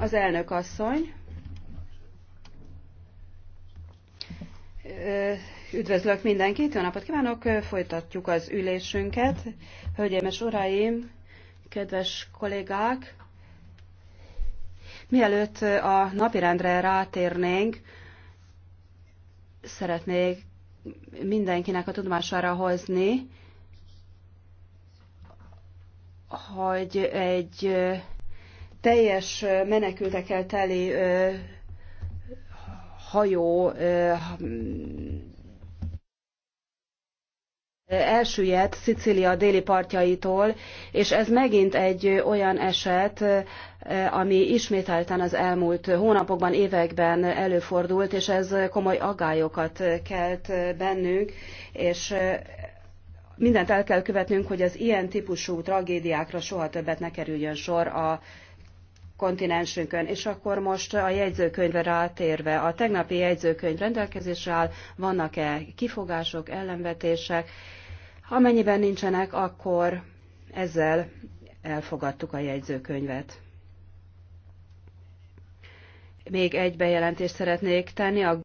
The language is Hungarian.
Az elnök asszony. Üdvözlök mindenkit, jó napot kívánok, folytatjuk az ülésünket. Hölgyeim és uraim, kedves kollégák, mielőtt a napirendre rátérnénk, szeretnék mindenkinek a tudomására hozni, hogy egy teljes menekültekkel teli hajó elsüllyedt Szicília déli partjaitól, és ez megint egy olyan eset, ami ismételten az elmúlt hónapokban, években előfordult, és ez komoly aggályokat kelt bennünk, és mindent el kell követnünk, hogy az ilyen típusú tragédiákra soha többet ne kerüljön sor a kontinensünkön. És akkor most a jegyzőkönyvre rátérve, a tegnapi jegyzőkönyv rendelkezésre áll, vannak-e kifogások, ellenvetések? Amennyiben nincsenek, akkor ezzel elfogadtuk a jegyzőkönyvet. Még egy bejelentést szeretnék tenni. A